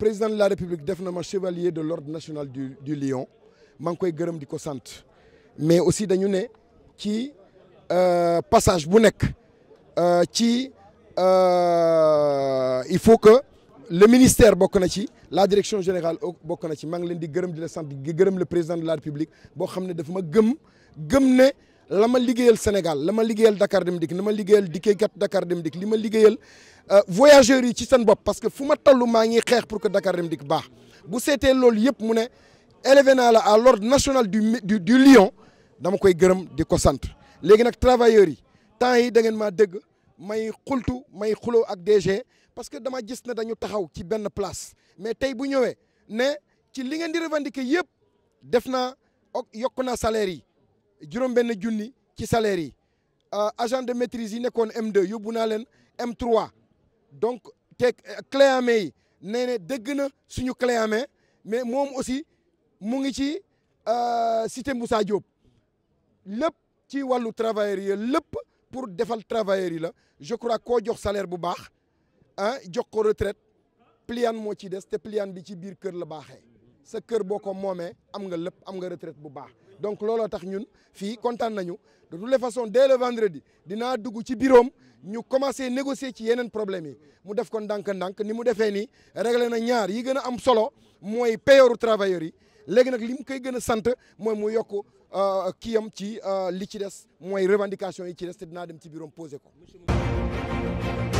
président de la république def na ma chevalier de l'ordre national du du lion maa ngi koy gërëm di ko sant mais aussi dañu ne ci euh, passage bu nekk euh, ci euh, il faut que le ministère bokk na ci la direction général bokk na ci maa ngi leen di gërëm di la sant di gërëm le président de la république boo xam ne dafa ma gëm gëm ne la ma liggéeyal Sénégal la ma liggéeyal Dakar Dem Dikk la ma liggéeyal dikkeykat Dakar Dem Dikk li ma liggéeyal euh, voyageurs yi ci seen bopp parce que fu ma tallu maa ngi xeex pour que Dakar Dem Dikk baax bu seetee loolu yëpp mu ne élevé la à lord national du du du Lion dama koy gërëm di ko sant léegi nag travailleurs yi temps yi da ngeen maa dégg may xultu may xuloo ak DG parce que dama gis ne dañu taxaw ci benn place mais tey bu ñëwee ne ci li ngeen di revendiquer yëpp def naa yokk naa salaire yi juróom-benn junni ci salaire yi euh, agent de maîtrise yi nekkoon M2 yóbbu naa leen m donc te euh, clé yi nee ne dëgg na suñu clé en main mais moom aussi mu ngi ci euh, cité Moussa Diop lépp ci wàllu travailleurs yi lépp pour defal travailleurs yi la je crois koo jox salaire bu baax ah jox ko retraite pliant moo ci des te pliant bi ci biir kër la baaxe sa kër boo ko moomee am nga lépp am nga retraite bu baax donc looloo tax ñun fii kontaan nañu de toutes les façons dès le vendredi dinaa dugg ci bureau ñu commencé négocier ci yeneen problème yi mu def kon ndànk-ndànk ni mu defee nii réglé na ñaar yi gën a am solo mooy peyooru travailleurs yi léegi nag li mu koy gën a sant mooy mu yokk euh, kiyam ci euh, li ci des mooy revendication yi ci des te dinaa dem ci bureau am posé ko.